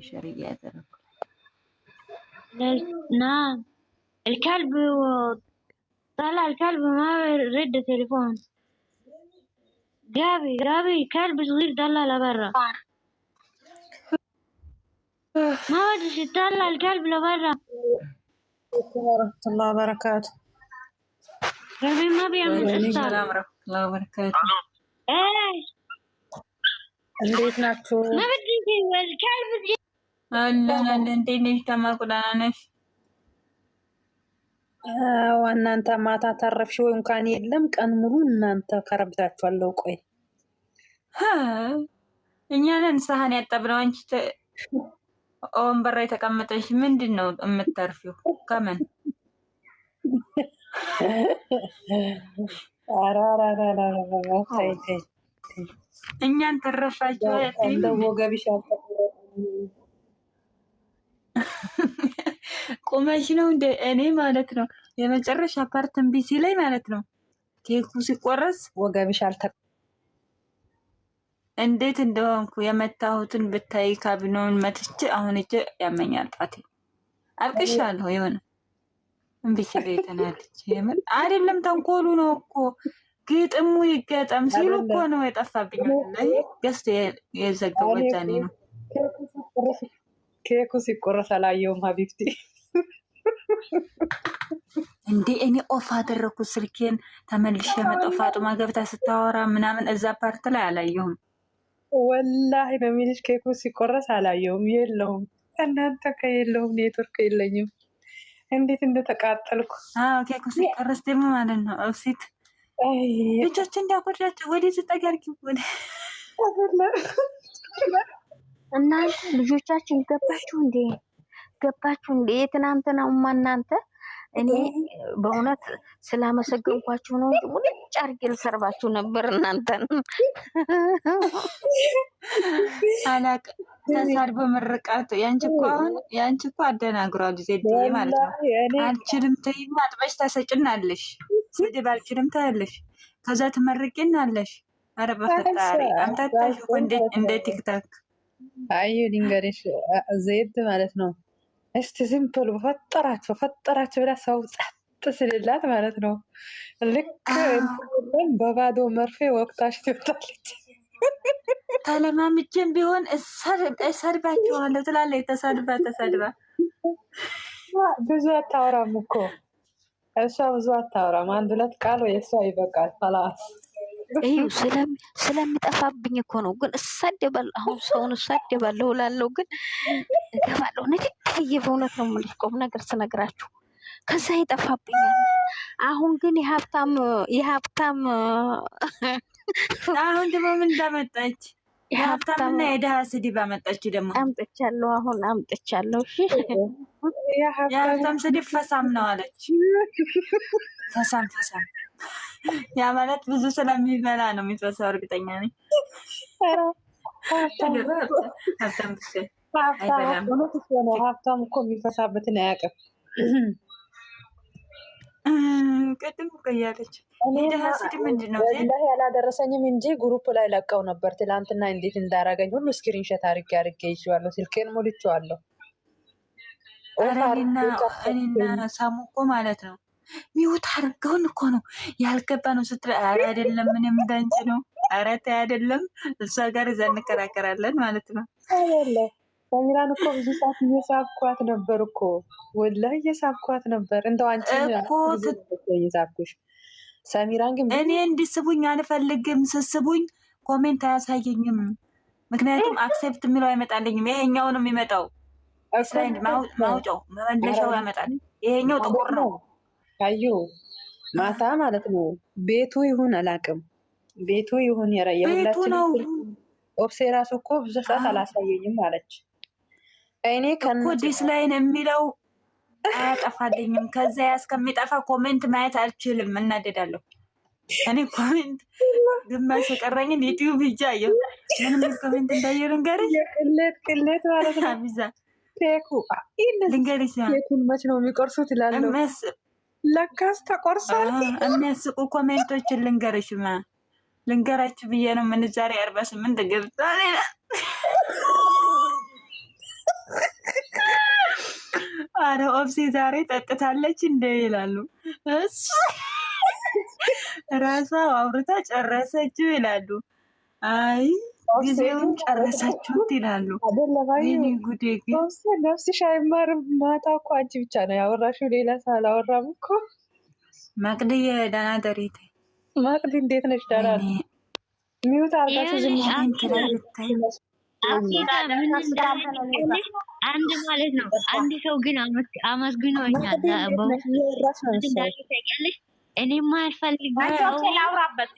شريك شرقية نعم. نعم الكلب طلع الكلب ما رد تليفون جابي جابي كلب صغير طلع لبرا ما ودش يطلع الكلب لبرا ورحمة الله وبركاته جابي ما بيعمل السلام ورحمة الله وبركاته ايه እንዴት الكلب አለን እንዴት ነሽ? ተማቁ ደህና ነሽ? እናንተ ማታ ታረፍሽ ወይ? እንኳን የለም ቀን ሙሉ እናንተ ከረብታችኋለሁ። ቆይ እኛ ነን ሳህን ያጠብነው፣ አንቺ ወንበር ላይ ተቀምጠሽ ምንድን ነው የምተርፊው? ከምን እኛን ተረፋችሁ? ወገብሽ ቁመሽ ነው እንደ እኔ ማለት ነው። የመጨረሻ ፓርት እምቢ ሲለኝ ማለት ነው። ኬኩ ሲቆረስ ወገብሽ አልተ እንዴት እንደሆንኩ የመታሁትን ብታይ ካቢኖን መትቼ አሁን እጄ ያመኛል ጣቴ። አልቅሻለሁ የሆነ እምቢ ሲለኝ ተናድጄ የምር አይደለም ተንኮሉ ነው እኮ ግጥሙ ይገጠም ሲሉ እኮ ነው የጠፋብኝ። ገስት የዘገበ ወጃኔ ነው ኬኩ ሲቆረስ አላየውም። ሀቢብቲ እንዴ እኔ ኦፍ አደረኩ ስልኬን ተመልሽ መጣሁ። ፋጡማ ገብታ ስታወራ ምናምን እዛ ፓርት ላይ አላየሁም። ወላሂ በሚልሽ የሚልሽ። ኬኩ ሲቆረስ አላየውም። የለውም እናንተ ከየለውም ኔትወርክ የለኝም። እንዴት እንደተቃጠልኩ ኬኩ ሲቆረስ ደግሞ ማለት ነው ሴት ልጆች እንዳጎድላቸው ወደ ዝጠጋርኪ እናንተ ልጆቻችን ገባችሁ እንዴ? ገባችሁ እንዴ? የትናንትናውማ እናንተ እኔ በእውነት ስላመሰገንኳችሁ ነው እንጂ ሙልጭ አድርጌ ልሰርባችሁ ነበር። እናንተን አላቅ ተሳድቦ ምርቃቱ ያንቺ እኮ አሁን ያንቺ እኮ አደናግሯል። ዜድ ማለት ነው። አልችልም ትይና አጥበሽ ታሰጭናለሽ። ስድብ አልችልም ታያለሽ። ከዛ ትመርቂናለሽ። ኧረ በፈጣሪ አምታታሽ እንደ ቲክታክ አዩ ድንገሬሽ ዘይድ ማለት ነው። እስቲ ዝም በሉ በፈጠራችሁ በፈጠራችሁ ብላ ሰው ጸጥ ስልላት ማለት ነው። ልክ በባዶ መርፌ ወቅታሽ ትወጣለች። ተለማምጄም ቢሆን እሰድባችኋለሁ ትላለች። ተሰድባ ተሰድባ ብዙ አታወራም እኮ እሷ ብዙ አታወራም። አንድ ሁለት ቃል የእሷ ይበቃል። ፈላስ ይኸው ስለሚጠፋብኝ እኮ ነው። ግን እሳደባለሁ፣ አሁን ሰውን እሳደባለሁ እላለሁ፣ ግን እገባለሁ ንድድ በእውነት ነው የምልሽ ቆም ነገር ስነግራችሁ ከዛ ይጠፋብኛል። አሁን ግን የሀብታም የሀብታም አሁን ደግሞ ምን እንዳመጣች የሀብታምና የድሃ ስድብ አመጣች። ደግሞ አምጥቻለሁ፣ አሁን አምጥቻለሁ። እሺ የሀብታም ስድብ ፈሳም ነው አለች። ፈሳም ፈሳም ያ ማለት ብዙ ስለሚበላ ነው የሚፈሰው። እርግጠኛ ነኝ ሀብታም እኮ የሚፈሳበትን አያውቅም። ቅድም ቀያለች ያላደረሰኝም እንጂ ግሩፕ ላይ ለቀው ነበር ትላንትና። እንዴት እንዳረገኝ ሁሉ ስክሪንሸት አድርጌ አድርጌ ይዤዋለሁ፣ ስልኬን ሞልቼዋለሁ። እኔና ሳሙ እኮ ማለት ነው ሚውት አድርገውን እኮ ነው ያልገባ ነው ስትል፣ አረ አይደለም ምን የምዳንጭ ነው። ኧረ ተይ አይደለም፣ እሷ ጋር እዛ እንከራከራለን ማለት ነው። አይደለ ሰሚራን እኮ ብዙ ሰዓት እየሳብኳት ነበር እኮ ወላሂ እየሳብኳት ነበር። እንደው አንቺ እየሳብኩሽ ሰሚራን ግን እኔ እንዲስቡኝ አልፈልግም። ስስቡኝ ኮሜንት አያሳየኝም። ምክንያቱም አክሴፕት የሚለው አይመጣልኝም። ይሄኛው ነው የሚመጣው። ማውጫው መመለሻው ያመጣል። ይሄኛው ጥቁር ነው ካየው ማታ ማለት ነው። ቤቱ ይሁን አላቅም፣ ቤቱ ይሁን የሁላችን ኦፍሴ ራሱ እኮ ብዙ ሰዓት አላሳየኝም አለች። እኔ ከዲስ ላይን የሚለው አያጠፋልኝም። ከዚያ ያስከሚጠፋ ኮሜንት ማየት አልችልም፣ እናደዳለሁ። እኔ ኮሜንት ግማሽ የቀረኝን ዩቲዩብ ሂጅ አየሁ። ምንም ኮሜንት እንዳየሁ ልንገርሽ፣ ቅሌት ቅሌት ማለት ነው። ቴኩ ልንገርሽ፣ ቴኩን መች ነው የሚቆርሱት? ይላለሁ ለካስ ተቆርሳል። የሚያስቁ ኮሜንቶችን ልንገርሽማ ልንገራችሁ ብዬ ነው። ዛሬ አርባ ስምንት ገብታ አረ ኦብሴ ዛሬ ጠጥታለች እንደ ይላሉ። ራሷ አውርታ ጨረሰችው ይላሉ። አይ ጊዜውን ጨረሳችሁት ይላሉ። ጉዴ ነፍስሽ አይማርም። ማታ እኮ አንቺ ብቻ ነው ያወራሽው፣ ሌላ ሰው አላወራም እኮ። መቅድዬ ደህና ደሪቴ መቅድ፣ እንዴት ነች ደህና ሚዩት አርጋችሁ ዝም አንድ ማለት ነው። አንድ ሰው ግን አመስግኖኛል። እኔማ አልፈልግም። ላውራበት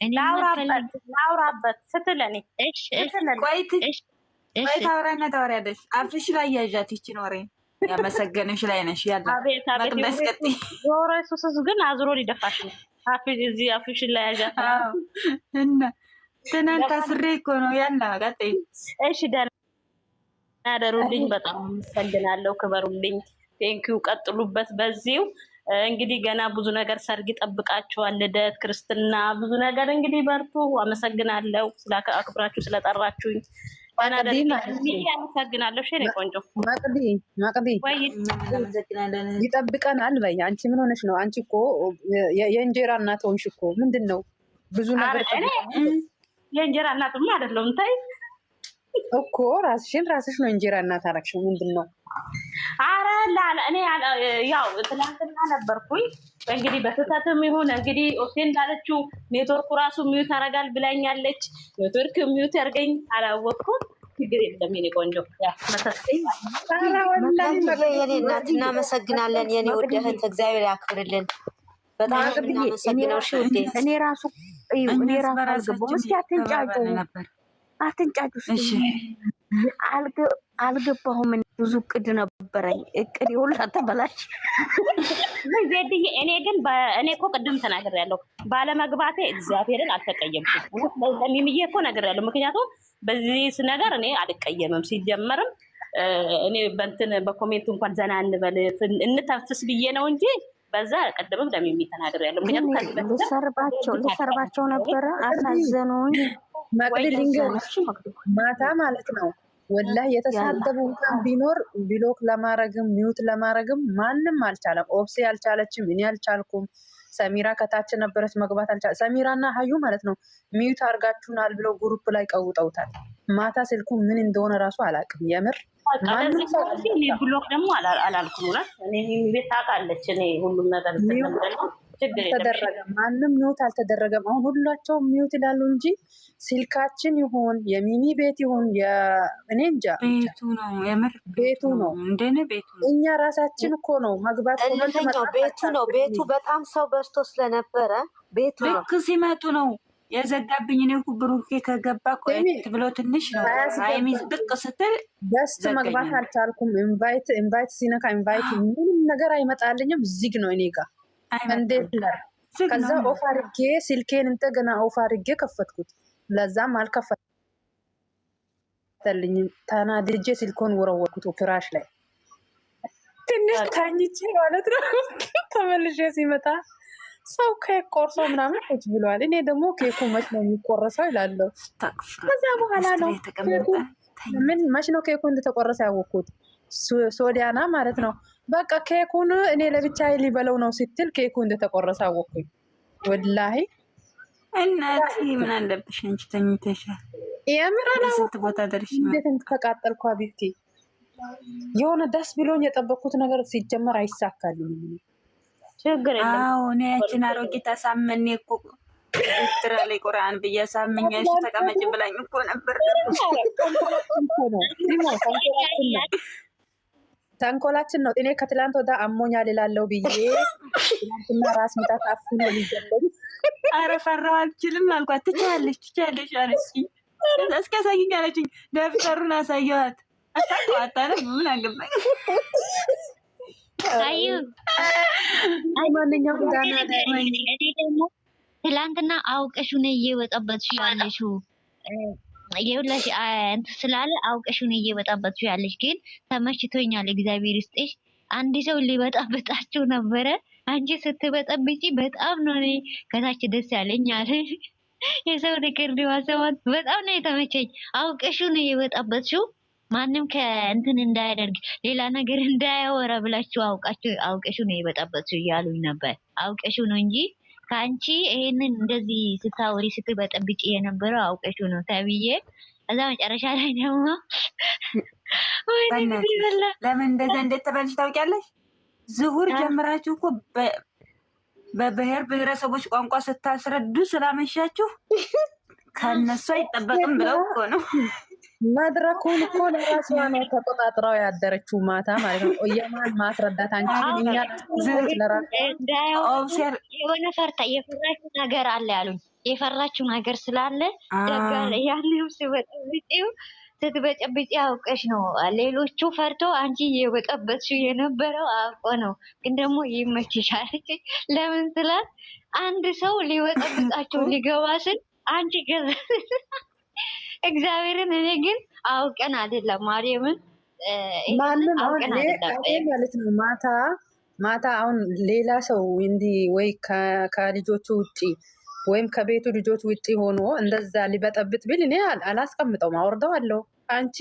ላውራበት ስትል እኔ ቆይ ታውሪያና ታውሪያለሽ። አፍሽ ላይ ያዣት ይችን ኖሬ ያመሰገንሽ ላይ ነሽ ያለ ዞሮ ሱስ ግን አዝሮ ሊደፋሽ ነው። እዚህ አፍሽን ላይ ያዣት እና ትናንት አስሬ እኮ ነው ያለ ቀጠይ። እሺ ደህና አደሩልኝ። በጣም አመሰግናለሁ። ክበሩልኝ። ቴንኪው። ቀጥሉበት በዚው እንግዲህ ገና ብዙ ነገር ሰርግ ይጠብቃችኋል፣ ልደት፣ ክርስትና፣ ብዙ ነገር እንግዲህ በርቱ። አመሰግናለሁ ስለአክብራችሁ ስለጠራችሁኝ። ይጠብቀናል። በይ አንቺ ምን ሆነሽ ነው? አንቺ እኮ የእንጀራ እናት ሆንሽ እኮ ምንድን ነው ብዙ ነገር የእንጀራ እናትማ አይደለሁም። ተይ እኮ ራስሽን ራስሽ ነው እንጀራ እናት አደረግሽው። ምንድን ነው አረ ላለ እኔ ያው ትላንትና ነበርኩኝ። እንግዲህ በስህተትም ይሁን እንግዲህ ኦሴ እንዳለችው ኔትወርኩ ራሱ ሚዩት አረጋል ብላኛለች። ኔትወርክ ሚዩት ያርገኝ አላወቅኩም። ችግር የለም የኔ ቆንጆ የኔ እናት እናመሰግናለን። የኔ ውድ እህት እግዚአብሔር ያክብርልን። በጣም እናመሰግነው። ሺ ውዴ እኔ ራሱ እኔ ራሱ አልገባሁም። እስኪ አትንጫጩ፣ አትንጫጩ አልገ አልገባሁም። ብዙ እቅድ ነበረኝ። እቅድ ሁላ ተበላሽ። ዜድዬ እኔ ግን እኔ እኮ ቅድም ተናግሬያለሁ ባለመግባቴ እግዚአብሔርን አልተቀየምኩም። ለሚምዬ እኮ ነግሬያለሁ። ምክንያቱም በዚህ ነገር እኔ አልቀየምም። ሲጀመርም እኔ በንትን በኮሜንቱ እንኳን ዘና እንበል እንተንፍስ ብዬ ነው እንጂ በዛ ቀደምም ለሚሚ ተናግሬያለሁ። ምክንያቱም ልሰርባቸው ልሰርባቸው ነበረ። አሳዘኑኝ። ማታ ማለት ነው ወላ የተሳደቡ እንኳን ቢኖር ብሎክ ለማረግም ሚውት ለማረግም ማንም አልቻለም። ኦብሴ አልቻለችም፣ እኔ አልቻልኩም። ሰሚራ ከታች ነበረች መግባት አልቻለ። ሰሚራና ሀዩ ማለት ነው። ሚዩት አርጋችሁናል ብለው ግሩፕ ላይ ቀውጠውታል። ማታ ስልኩ ምን እንደሆነ ራሱ አላቅም። የምር ብሎክ ደግሞ አላልኩም። ቤት ታውቃለች ሁሉም ነገር አልተደረገም። ማንም ሚውት አልተደረገም። አሁን ሁላቸውም ሚውት ይላሉ እንጂ ስልካችን ይሁን የሚሚ ቤት ይሁን እኔ እንጃ ቤቱ ነው የምር ቤቱ ነው እንደኔ ቤቱ ነው። እኛ ራሳችን እኮ ነው መግባት ቤቱ ነው ቤቱ በጣም ሰው በዝቶ ስለነበረ ቤቱ ነው። ልክ ሲመጡ ነው የዘጋብኝ ነው ብሩኬ ከገባ ቆየት ብሎ ትንሽ ነው ብቅ ስትል በስት መግባት አልቻልኩም። ኢንቫይት ኢንቫይት ሲነካ ኢንቫይት ምንም ነገር አይመጣልኝም። ዚግ ነው እኔ ጋር እንዴት ነው? ከዛ ኦፍ አድርጌ ስልኬን እንደገና ኦፍ አድርጌ ከፈትኩት። ለዛም አልከፈተልኝም። ተናድጄ ስልኮን ወረወርኩት ፍራሽ ላይ ትንሽ ታኝቼ ማለት ነው። ተመልሼ ሲመጣ ሰው ኬክ ቆርሶ ምናምን ብሏል ብለዋል። እኔ ደግሞ ኬኩ መች ነው የሚቆረሰው ይላለሁ። ከዚያ በኋላ ነው ምን መች ነው ኬኩ እንደተቆረሰ ያወቅኩት። ሶዲያና ማለት ነው በቃ ኬኩን እኔ ለብቻ ሊበለው ነው ስትል ኬኩ እንደተቆረሰ አወኩኝ። ወላሂ እናት ምን አለብሽ አንቺ ተኝተሻል። የምራናስንት ቦታ ደርሽ እንዴት ተቃጠልኩ። ቢብቲ የሆነ ደስ ብሎኝ የጠበኩት ነገር ሲጀመር አይሳካልኝ። ችግር እኔ ያችን አሮጊት አሳመኔ እኮ ኤርትራ ላይ ቁርአን ብዬ አሳምኜ ተቀመጭ ብላኝ እኮ ነበር ነው ተንኮላችን ነው። እኔ ከትላንት ወደ አሞኛል እላለሁ ብዬ ትላንትና ራስ ምታት አፍ ነው ሊጀመሩ አረ ፈራሁ አልችልም አልኳት። ትችያለሽ ትችያለሽ አለችኝ። እስኪ አሳይኝ አለችኝ። ደብተሩን አሳየኋት። አታቋጣለ ምን አገባኝ። ማንኛው ዳና ደግሞ ትላንትና አውቀሽ ነ እየበጠበጥሽ ያለሽው የሁላሽ ስላለ አውቀሽን እየበጣበጥሽ ያለሽ ግን ተመችቶኛል። እግዚአብሔር ይስጥሽ። አንድ ሰው ሊበጣበጣችሁ ነበረ። አንቺ ስትበጠብጪ በጣም ነው እኔ ከታች ደስ ያለኝ አለ። የሰው ነገር ሊዋሰማት በጣም ነው የተመቸኝ። አውቀሽን እየበጣበጥሽው ማንም ከእንትን እንዳያደርግ ሌላ ነገር እንዳያወራ ብላችሁ አውቃችሁ አውቀሽው ነው የበጣበጥሽው እያሉኝ ነበር። አውቀሽው ነው እንጂ ከአንቺ ይሄንን እንደዚህ ስታወሪ ስትበጠብጭ የነበረው አውቀሽው ነው ተብዬ እዛ መጨረሻ ላይ ደግሞ ለምን እንደዚያ እንደተበልሽ ታውቂያለሽ? ዝሁር ጀምራችሁ እኮ በብሔር ብሔረሰቦች ቋንቋ ስታስረዱ ስላመሻችሁ ከነሱ አይጠበቅም ብለው እኮ ነው። መድረኩን እኮ ለራሷ ነው ተቆጣጥራው ያደረችው ማታ ማለት ነው። የማን ማስረዳት አንችልም። እኛ የሆነ ፈርታ የፈራችው ነገር አለ ያሉኝ የፈራችው ነገር ስላለ ያለው ስበጠብጤው ስትበጨብጭ አውቀሽ ነው። ሌሎቹ ፈርቶ አንቺ የበጠበጥሽው የነበረው አውቆ ነው። ግን ደግሞ ይመችሻል። ለምን ስላት አንድ ሰው ሊበጠብጣቸው ሊገባ ስል አንቺ ገዛ እግዚአብሔርን እኔ ግን አውቀን አይደለም ማርያምን ማንም አሁን ማለት ነው ማታ ማታ አሁን ሌላ ሰው እንዲ ወይ ከልጆቹ ውጭ ወይም ከቤቱ ልጆች ውጭ ሆኖ እንደዛ ሊበጠብጥ ብል እኔ አላስቀምጠውም፣ አለው። አንቺ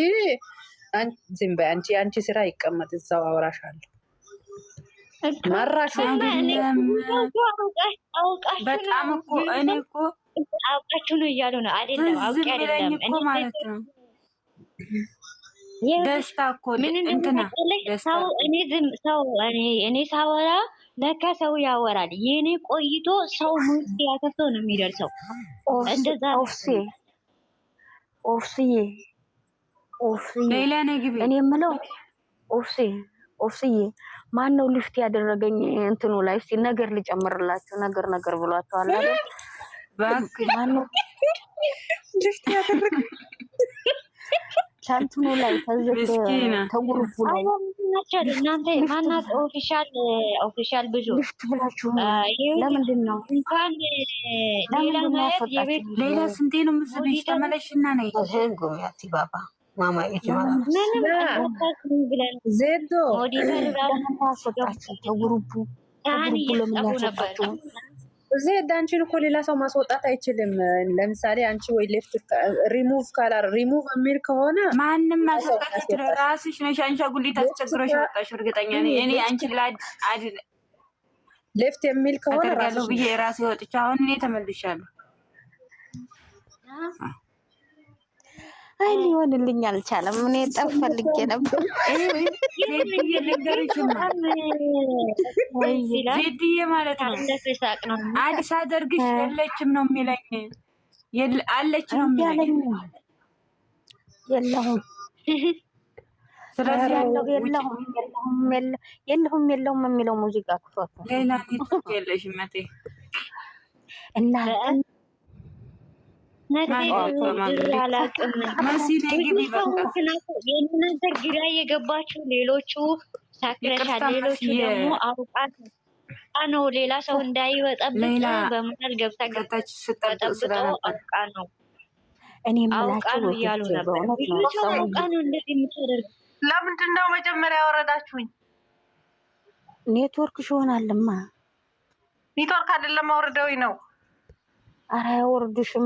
ዝም በይ አንቺ አንቺ ስራ ይቀመጥ እዛው አለ መራሽ በጣም እኮ እኔ እኮ አውቃችሁ ነው እያሉ ነው አይደለም። አውቄ አይደለም ደስታ እኮ ሰው እኔ ዝም ሰው እኔ ሳወራ ለካ ሰው ያወራል። የእኔ ቆይቶ ሰው ሙስ ያከሰው ነው የሚደርሰው። እንደዛ ኦፍስዬ ኦፍስዬ ሌላ እኔ የምለው ኦፍሴ ኦፍስዬ ማን ነው ሊፍት ያደረገኝ እንትኑ ላይ? እስቲ ነገር ልጨምርላቸው ነገር ነገር ብሏቸዋል አይደል ልፍት ያደረገ ሻንትኑ ላይ ተጉርቡናቸው እናንተ ማናት ኦፊሻል ኦፊሻል ብዙ ለምንድን ነው እንኳን ሌላ ማለት የቤት ሌላ ስንቴ ነው ምዝብሽ ተመለሽና ነ ህጉሚያቲ ባባ ማማየት ማለት እዚህ አንቺን እኮ ሌላ ሰው ማስወጣት አይችልም። ለምሳሌ አንቺ ወይ ሌፍት ሪሙቭ ካላር ሪሙቭ የሚል ከሆነ ማንም ማስወጣት አይችልም። ራስሽ ነሽ አንሻጉሊት አስቸግሮሽ ወጣሽ። እርግጠኛ ነኝ እኔ አንቺን ሌፍት የሚል ከሆነ ራሱ ብዬ ራሴ ወጥቼ አሁን እኔ ተመልሻለሁ። አይ ሊሆንልኝ አልቻለም። እኔ ጠብ ፈልጌ ነበር። ማለት ነው አዲስ አደርግሽ የለችም ነው የሚለኝ አለች ነው የሚለኝ የለሁም ስለዚህ የለሁም የለሁም የሚለው ሙዚቃ ክፍት ነው። ሌላ የለሽም እናንተ ነገር ግራ የገባችሁ ሌሎቹ ሳክረሻል፣ ሌሎቹ ደግሞ አውቃ ነው ሌላ ሰው እንዳይወጣበት በመሀል ገብታ ገብታች ስጠብቀው አውቃ ነው አውቃ ነው እያሉ ነበር። አውቃ ነው እንደዚህ የምታደርግ ለምንድን ነው መጀመሪያ ያወረዳችሁኝ? ኔትወርክ ሽሆናልማ ኔትወርክ አይደለም አውርደውኝ ነው። ኧረ አያወርዱሽም።